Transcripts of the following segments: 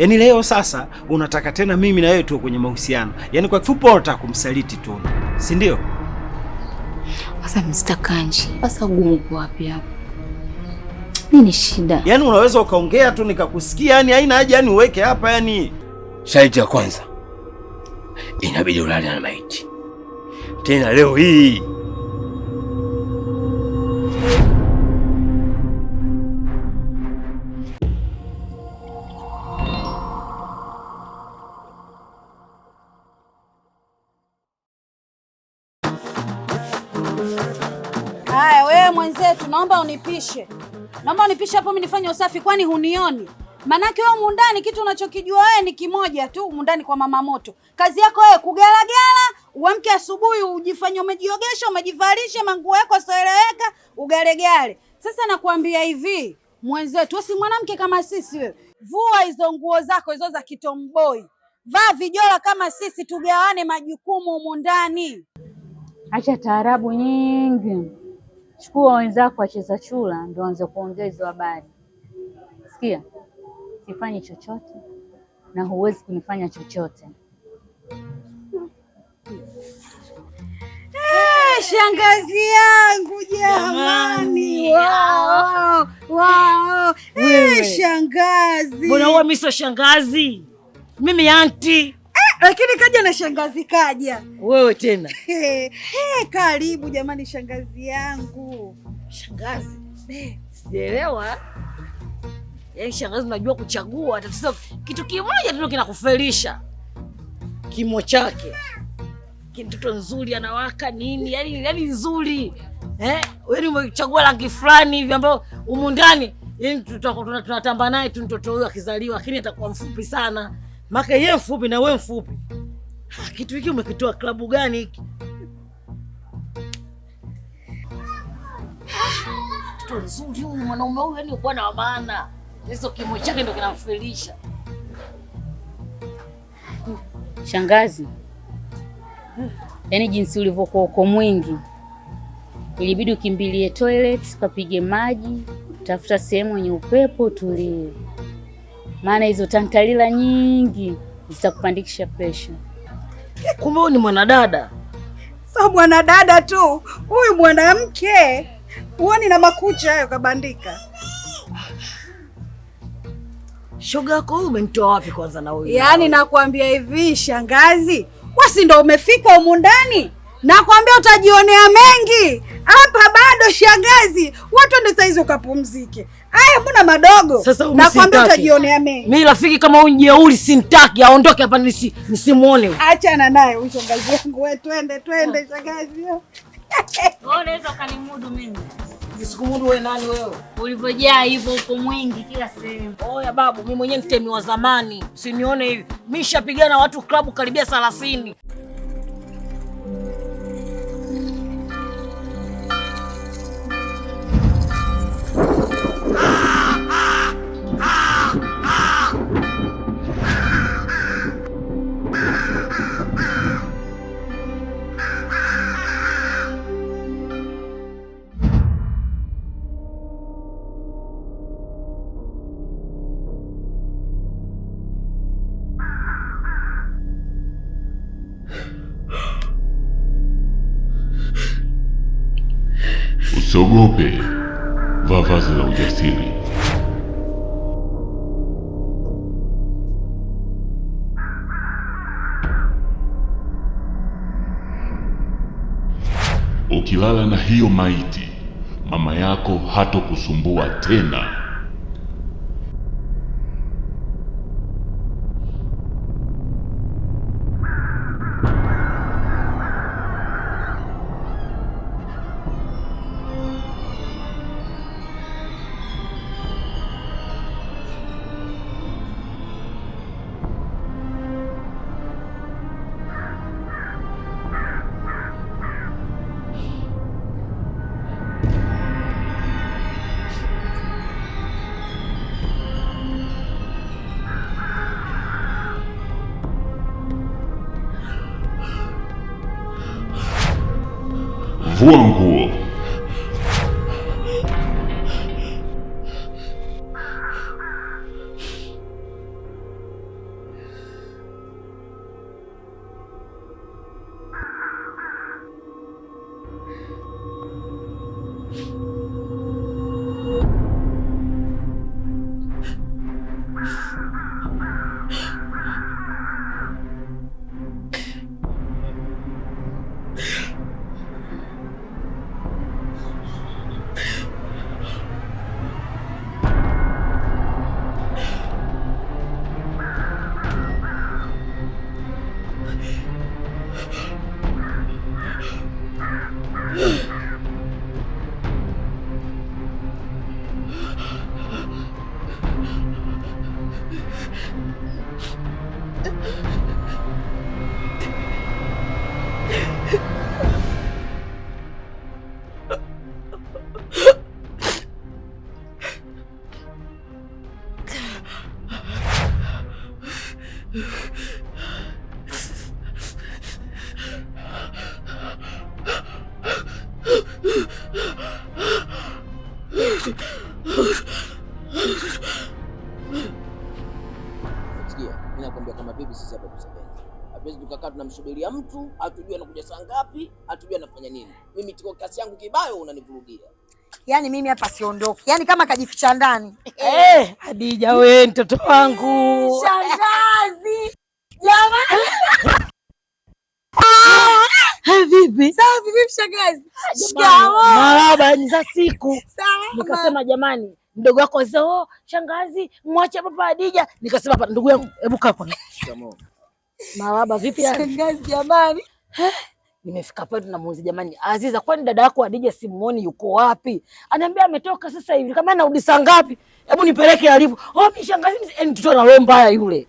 Yaani leo sasa unataka tena mimi na wewe tu kwenye mahusiano, yaani kwa kifupi unataka kumsaliti tu, si ndio? Sasa Mr. Kanji, sasa gumu wapi hapo? Nini shida? Yaani unaweza ukaongea tu nikakusikia, yani haina haja yani uweke hapa yani. Shaiti ya kwanza inabidi ulale na maiti tena leo hii. Haya, wewe mwenzetu, naomba unipishe, naomba unipishe hapo, mimi nifanye usafi, kwani hunioni? Manake wewe mundani, kitu unachokijua wewe ni kimoja tu, mundani kwa mama moto. Kazi yako wewe kugalagala, uamke asubuhi ujifanye umejiogesha, umejivalisha manguo yako yasioeleweka, ugalegale. Sasa nakwambia hivi mwenzetu, wewe si mwanamke kama sisi. Wewe vua hizo nguo zako hizo za kitomboi, vaa vijola kama sisi, tugawane majukumu mundani. Acha taarabu nyingi chukua wenzako wacheza chula ndio anza kuongea hizo habari. Sikia, sifanyi chochote na huwezi kunifanya chochote. Eh, shangazi yangu jamani, eh, shangazi. Mbona huwa mimi sio shangazi, mimi anti lakini kaja na shangazi kaja. Wewe tena hey, karibu jamani, shangazi yangu. Shangazi eh, sijaelewa yaani, shangazi unajua kuchagua. Tatizo kitu kimoja tu kinakufelisha, kimo chake mtoto nzuri anawaka nini, yani yani nzuri eh, wewe yaani umechagua rangi fulani hivi ambayo umundani, yani tunatamba naye tu mtoto huyo akizaliwa, lakini atakuwa mfupi sana. Maka ye mfupi na we mfupi. Ah, kitu hiki umekitoa klabu gani hiki? Mtoto mzuri huyu mwanaume huyu yani uko na maana. Hizo kimo chake ndo kinamfilisha Shangazi. Yaani jinsi ulivyokuwa uko mwingi. Ilibidi ukimbilie toilet, kapige maji, tafuta sehemu yenye upepo tulie maana hizo tantalila nyingi zitakupandikisha presha. Kumbe huyu ni mwanadada? Sa mwanadada tu huyu, mwanamke huoni na makucha hayo kabandika. Shoga yako huyu umemtoa wapi kwanza? Na huyu yaani, nakwambia hivi shangazi, wasi ndo umefika humu ndani, nakwambia utajionea mengi hapa shangazi, watu ende saizi ukapumzike. Aya, mbona madogo? Sasa nakwambia utajionea mimi. Mimi rafiki kama huyu jeuri sintaki aondoke hapa nisi nisimuone. Achana naye huyu shangazi yangu, wewe twende twende shangazi. Wewe unaweza kanimudu mimi. Sikumudu wewe nani wewe? Ulivyojaa hivyo uko mwingi kila sehemu. Oya babu, mimi mwenyewe mtemi wa zamani. Usinione hivi. Mimi nishapigana watu klabu karibia 30. ukilala na hiyo maiti, mama yako hatokusumbua tena. 万古。mtu, hatujui anakuja saa ngapi, hatujui anafanya nini. Mimi tiko kasi yangu kibayo, unanivurugia. Yaani mimi hapa siondoki, yaani kama kajificha ndani. Eh, eh, Hadija we mtoto wangu. Shangazi. Jamani. Eh, vipi? Sawa vipi shangazi? Shikamoo. Marahaba ni za siku. Sawa. Nikasema jamani, mdogo wako zoo, shangazi, mwache papa adija Nikasema ndugu yangu, hebu kaa hapo. Shikamoo. Mawaba vipi shangazi? Jamani, nimefika pale tunamuuliza, jamani Aziza, kwani dada yako Adija simuoni yuko wapi? Anaambia ametoka sasa hivi. Kama anarudi saa ngapi? Hebu nipeleke alipo. Oh, mimi shangazi, yani eh, mtoto ana roho mbaya yule.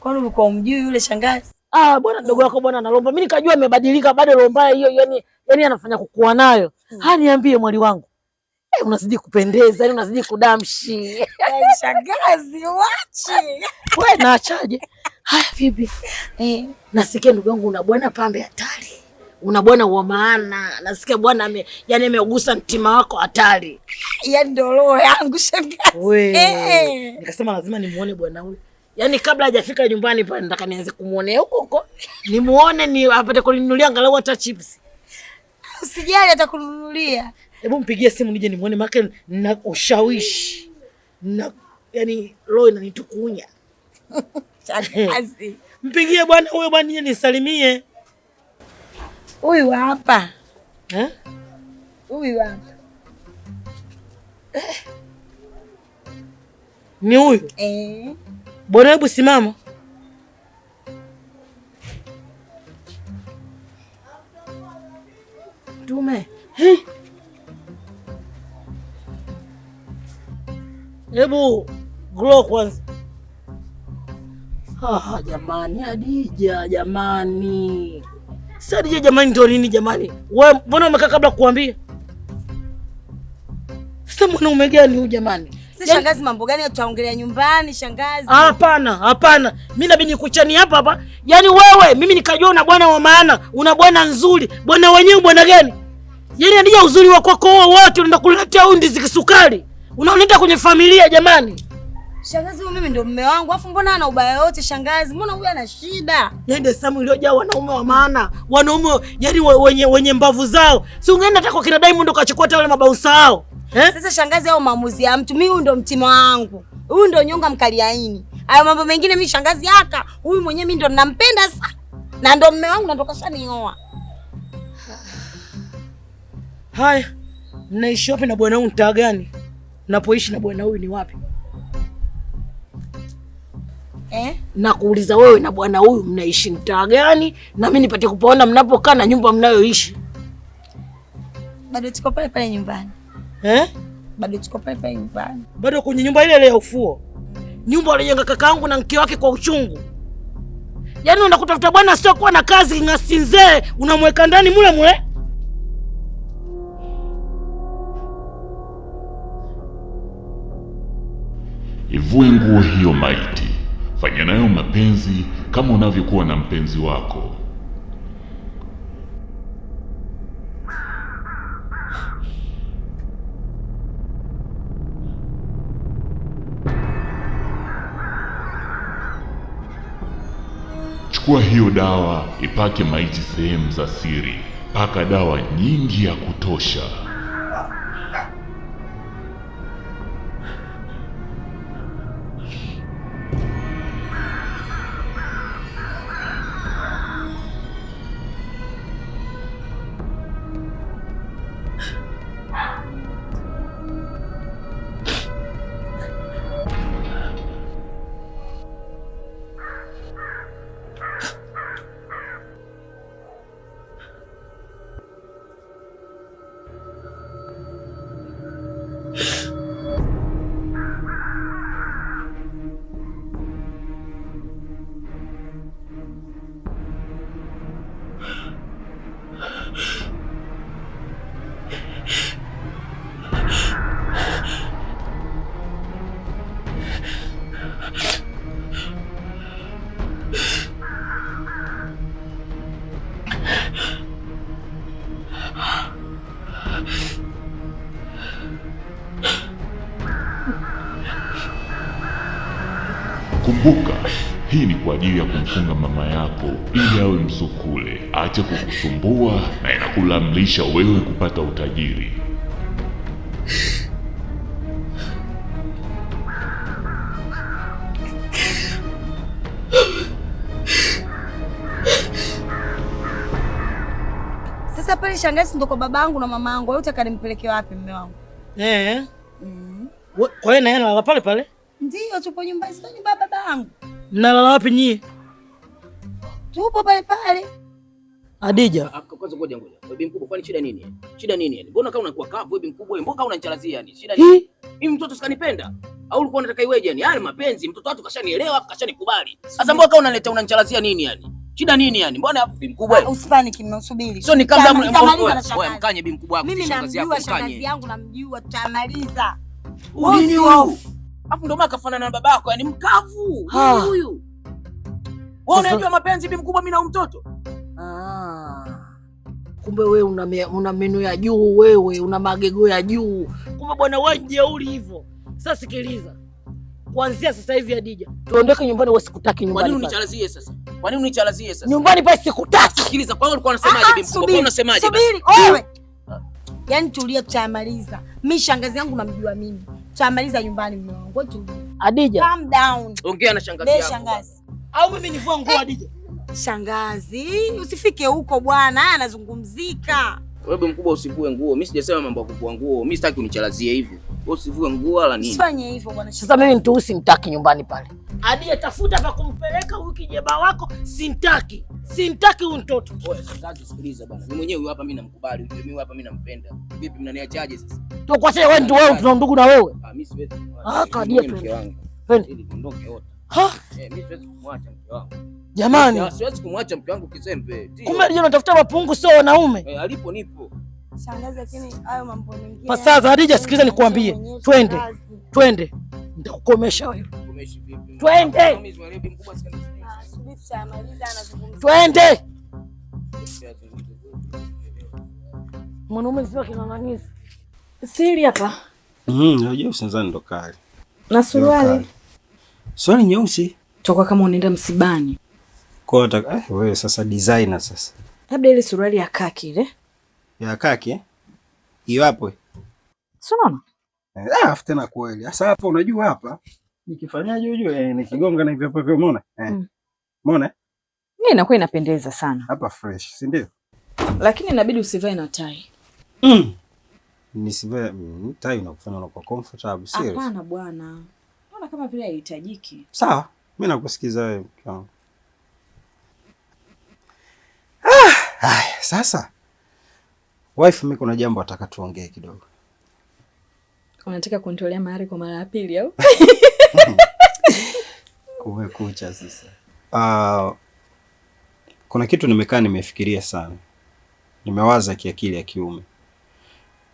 Kwani ulikuwa umjui yule shangazi? Ah, bwana mdogo yako bwana analomba. Mimi nikajua amebadilika bado roho mbaya hiyo, yani yani anafanya kukua nayo. Hmm. Ha, niambie mwali wangu. Eh, unazidi kupendeza, yani unazidi kudamshi. Shangazi, wachi. Wewe naachaje? Haya vipi? Eh, nasikia ndugu yangu una bwana pambe hatari. Una bwana wa maana. Nasikia bwana ame yani ameugusa mtima wako hatari. Yaani ndio roho yangu shangazi. Eh. Nikasema lazima nimuone bwana huyu. Yaani kabla hajafika nyumbani pale nataka nianze kumuonea huko huko. Nimuone ni apate kuninunulia angalau hata chips. Usijali atakununulia. Hebu mpigie simu nije nimuone maana na ushawishi. Na yani roho inanitukunya. Chakazi. Eh. Mpigie bwana huyo bwana yeye nisalimie. Huyu hapa. Eh? Huyu hapa. Eh. Ni huyu? Eh. Bwana hebu simama. Dume. Eh. Hebu glow kwanza. Ah, jamani Hadija, jamani si Hadija, jamani ndio nini jamani? Wewe mbona umekaa kabla kuambia? Sasa mwanaume gani huyu jamani? Si yaani- shangazi, mambo gani tutaongelea nyumbani shangazi? Ah, hapana, hapana, mi nabidi nikuchani hapa hapa. Yaani wewe mimi nikajua una bwana wa maana, una bwana nzuri, bwana wenyewe bwana gani? Yaani Hadija, uzuri wa kwako wote unaenda kuletea undi zikisukari, unaoneta kwenye familia jamani. Shangazi, huyu mimi ndio mume wangu, afu mbona ana ubaya wote? Shangazi, mbona huyu ana shida? Nende yaani samu iliyojaa wanaume wa maana, wanaume yaani wenye, wenye mbavu zao. Si ungeenda hata kwa kina Diamond ukachukua tena wale mabau sao. eh? Sasa shangazi, hao maamuzi ya mtu. Mimi huyu ndio mtima wangu, huyu ndio nyonga mkali aini. Hayo mambo mengine mimi shangazi haka huyu mwenyewe mimi ndio nampenda sana na ndio mume wangu na ndio kashanioa. Haya, Naishi wapi na bwana huyu? Mtaa gani? Napoishi na bwana huyu ni wapi? Eh? na kuuliza wewe na bwana huyu mnaishi mtaa gani, na mimi nipate kupaona mnapokaa na nyumba mnayoishi. Bado tuko pale pale nyumbani eh? Bado tuko pale pale nyumbani, bado kwenye nyumba ile ile ya ufuo, nyumba alijenga kakaangu na mke wake kwa uchungu. Yaani unakutafuta bwana sio kuwa na kazi ng'asi nzee, unamweka ndani mule mule. Ivue nguo hiyo maiti fanya nayo mapenzi kama unavyokuwa na mpenzi wako. Chukua hiyo dawa, ipake maiti sehemu za siri, paka dawa nyingi ya kutosha. Kumbuka, hii ni kwa ajili ya kumfunga mama yako ili awe msukule, aache kukusumbua na inakulamlisha wewe kupata utajiri. Sasa pale shangazi, ndo kwa babangu na mamangu, wewe akanimpelekea wapi? mume wangu eh, mm. kwa hiyo naenda pale pale Ndiyo, tupo nyumbani, sio nyumba baba yangu. Mnalala wapi nyie? Tupo pale pale. Adija, ah, kwanza ngoja ngoja. Bibi mkubwa, kwani shida nini? Shida nini yani? Mbona kama unakuwa kavu bibi mkubwa, mbona kama unanichalazia yani? Shida nini? Mimi mtoto sikanipenda. Au ulikuwa unataka iweje yani? Haya mapenzi, mtoto watu kashanielewa, afu kashanikubali. Sasa mbona kama unanileta unanichalazia nini yani? Shida nini yani? Mbona hapo bibi mkubwa? Ah, Usipaniki, mnasubiri. Sio ni kama wewe mkanye bibi mkubwa wako. Mimi namjua shangazi yangu, namjua tutamaliza. Nini wao? Afu ndio maana kafanana na babako, yani mkavu huyu. Wewe unajua mapenzi bibi mkubwa, mimi na mtoto. Ah. Kumbe wewe una una meno ya juu, wewe una magego ya juu. Kumbe bwana wewe jeuri hivyo. Sasa sikiliza. Kuanzia sasa hivi Hadija, tuondoke nyumbani. Wewe sikutaki nyumbani. Kwa nini unichalazie sasa? Kwa nini unichalazie sasa? Nyumbani pale sikutaki. Sikiliza, kwa nini ulikuwa unasemaje ah, bibi mkubwa? Kwa Unasemaje? Subiri, owe. Yaani tulia tutamaliza. Mi shangazi yangu namjua mimi, tutamaliza nyumbani mume wangu. Tulie Adija, calm down, ongea na shangazi yako. Shangazi au mimi nivue nguo? Eh, Adija, shangazi usifike huko bwana, haya anazungumzika. Wewe mkubwa, usivue nguo. Mimi sijasema mambo ya kuvua nguo, mimi sitaki unichalazie hivyo. Wewe usivue nguo wala nini, usifanye hivyo bwana. Sasa mimi mtu mtaki nyumbani pale aliyetafuta pa kumpeleka huyu kijeba wako, sintaki, sintaki huyu mtoto. Oya sitaki, sikiliza bwana, mimi mwenyewe hapa, mimi namkubali huyu, mimi hapa, mimi nampenda. Vipi mnaniachaje sasa? Tukuache wewe, ndio wewe, tuna ndugu na wewe. Ah, mimi siwezi Ah, kadia tu mke wangu, ili tuondoke wote. Ha, eh, mimi siwezi kumwacha mke wangu. Jamani, ah, siwezi kumwacha mke wangu kizembe. Kumbe leo unatafuta mapungu, sio wanaume. Eh, alipo nipo. Shangaza lakini hayo mambo mengine. Pasaza, Hadija, sikiliza nikwambie, twende, twende, nitakukomesha wewe twende ah, twende. Mwanaume sio kinang'anizi siri hapa. Mm, unajua usinzani ndo kali na suruali suruali nyeusi toka kama unaenda msibani kwa eh, wewe sasa designer sasa, labda ile suruali ya kaki ile ya kaki eh? hiyo hapo, sio? Eh, ah, tena kweli. Sasa hapo unajua hapa nikifanyaje ujue eh, nikigonga na hivyo hivyo, umeona eh, mm. umeona mm. Mimi inakuwa inapendeza sana hapa fresh, si ndio? Lakini inabidi usivae na tai mm. Nisivae mm, tai unakufanya unakuwa comfortable serious. Hapana bwana, naona kama vile haihitajiki. Sawa, mimi nakusikiza wewe. Ah, haya sasa, wife, mimi kuna jambo nataka tuongee kidogo. Unataka kunitolea mahari kwa mara ya pili au? Kumekucha sasa. Uh, kuna kitu nimekaa nimefikiria sana, nimewaza kiakili ya kiume,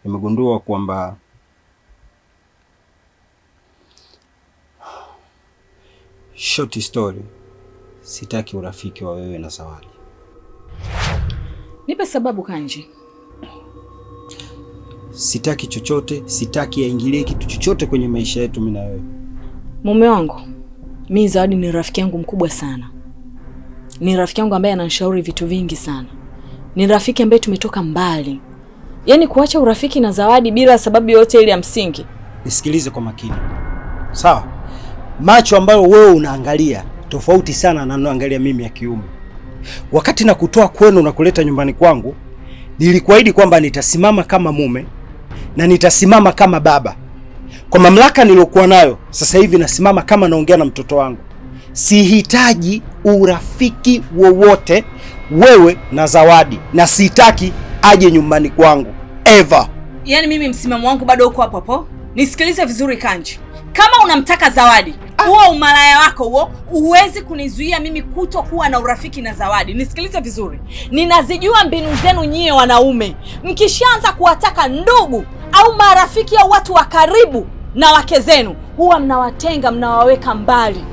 nimegundua kwamba short story, sitaki urafiki wa wewe na Zawadi. Nipe sababu Kanji. Sitaki chochote, sitaki aingilie kitu chochote kwenye maisha yetu mimi na wewe. Mume wangu mi Zawadi ni rafiki yangu mkubwa sana, ni rafiki yangu ambaye ananishauri vitu vingi sana, ni rafiki ambaye tumetoka mbali. Yaani kuacha urafiki na Zawadi bila sababu yoyote ile ya msingi. Nisikilize kwa makini, sawa? Macho ambayo wewe unaangalia tofauti sana na ninaangalia mimi ya kiume. Wakati na kutoa kwenu na kuleta nyumbani kwangu, nilikuahidi kwamba nitasimama kama mume na nitasimama kama baba kwa mamlaka niliyokuwa nayo sasa hivi nasimama kama naongea na mtoto wangu, sihitaji urafiki wowote wewe na Zawadi, na sitaki aje nyumbani kwangu ever. Yaani mimi msimamo wangu bado uko hapo hapo. Nisikilize vizuri Kanji, kama unamtaka Zawadi ah! huo ah, umalaya wako huo huwezi kunizuia mimi kutokuwa na urafiki na Zawadi. Nisikilize vizuri, ninazijua mbinu zenu nyie wanaume, mkishaanza kuwataka ndugu au marafiki au watu wa karibu na wake zenu huwa mnawatenga, mnawaweka mbali.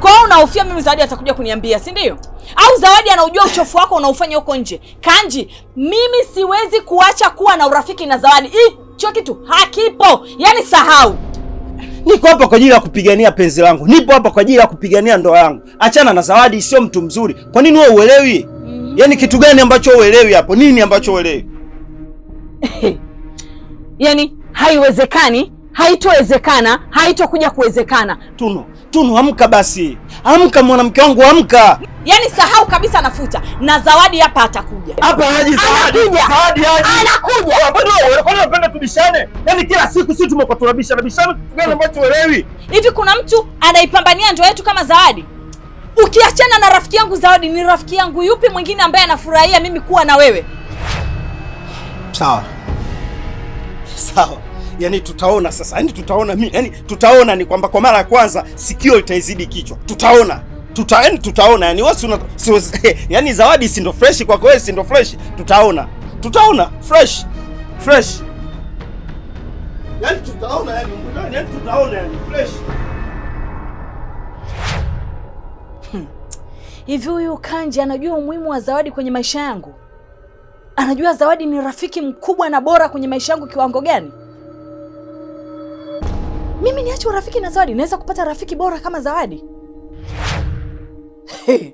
Kwa hiyo unahofia mimi Zawadi atakuja kuniambia, si ndio? Au Zawadi anaujua uchofu wako unaofanya huko nje. Kanji, mimi siwezi kuacha kuwa na urafiki na Zawadi. Hicho kitu hakipo, yaani sahau. Niko hapa kwa ajili ya kupigania penzi langu, nipo hapa kwa ajili ya kupigania ndoa yangu. Achana na Zawadi, sio mtu mzuri. Kwa nini wewe uelewi? Mhm. Yaani kitu gani ambacho uelewi hapo? Nini ambacho uelewi? yani haiwezekani, haitowezekana, haitokuja kuwezekana. Tunu, Tunu, amka basi, amka mwanamke wangu, amka. Yani sahau kabisa, nafuta na Zawadi hapa atakuja. Hapa haji Zawadi. Zawadi haji. Anakuja. Bado unapenda tubishane? Yani kila siku sisi tumekoturabisha nabishana gani ambacho welewi Hivi kuna mtu anaipambania ndoa yetu kama Zawadi? Ukiachana na rafiki yangu Zawadi, ni rafiki yangu yupi mwingine ambaye anafurahia mimi kuwa na wewe? Sawa. Sawa. Yaani tutaona sasa. Yaani tutaona mimi. Yaani tutaona ni kwamba kwa mara ya kwanza sikio itaizidi kichwa. Tutaona. yani tutaona. Yaani wewe si una yaani zawadi si ndo fresh kwako wewe si ndo fresh. Tutaona. Tutaona fresh. Fresh. Yaani tutaona yani mbona yani yaani tutaona yani fresh. Hmm. Hivi huyu kanji anajua umuhimu wa zawadi kwenye maisha yangu? anajua Zawadi ni rafiki mkubwa na bora kwenye maisha yangu kiwango gani? Mimi niache urafiki na Zawadi, naweza kupata rafiki bora kama Zawadi? Hey.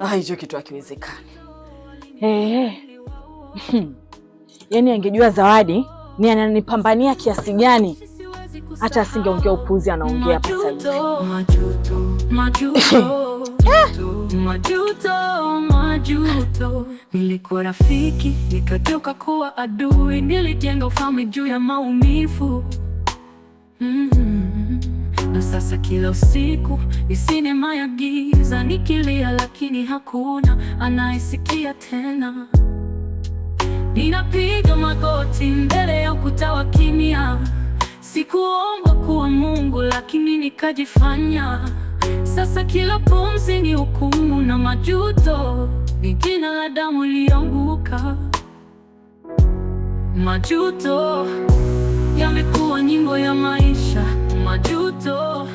Ah, kitu hakiwezekani. Hey. Yaani angejua Zawadi ni ananipambania kiasi gani hata asingeongea upuzi anaongea pesa. majuto. Nilikuwa rafiki nikageuka kuwa adui, nilijenga ufalme juu ya maumivu mm -hmm. Na sasa kila usiku ni sinema ya giza, nikilia lakini hakuna anayesikia tena. Ninapiga magoti mbele ya ukuta wa kimya, sikuomba kuwa Mungu lakini nikajifanya sasa kila pumzi ni hukumu na majuto, ni jina la damu iliyoanguka. Majuto yamekuwa nyimbo ya maisha, majuto